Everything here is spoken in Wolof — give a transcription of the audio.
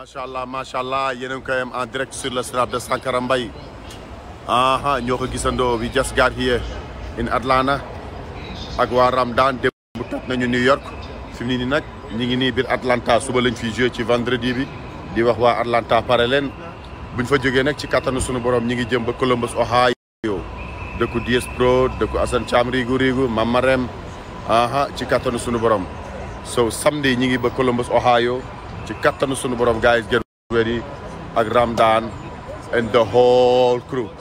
macha allah macha allah yéen direct sur le Snap de Sankara Mbaye aha ñoo ko we just got here in Atlanta ak waa Ramadan démb bu New York fi mu nak ñi Atlanta suba lañ fi joué ci vendredi di wax Atlanta parelen Bin buñ fa jógee nag ci sunu borom ñi ngi jëm Columbus Ohio Deku DS Pro deku asan Thiam rigu, rigu Mamarem aha ci sunu borom so samedi ñi ngi ba Columbus Ohio ci kattanu sunu borom guys get ready ak the whole crew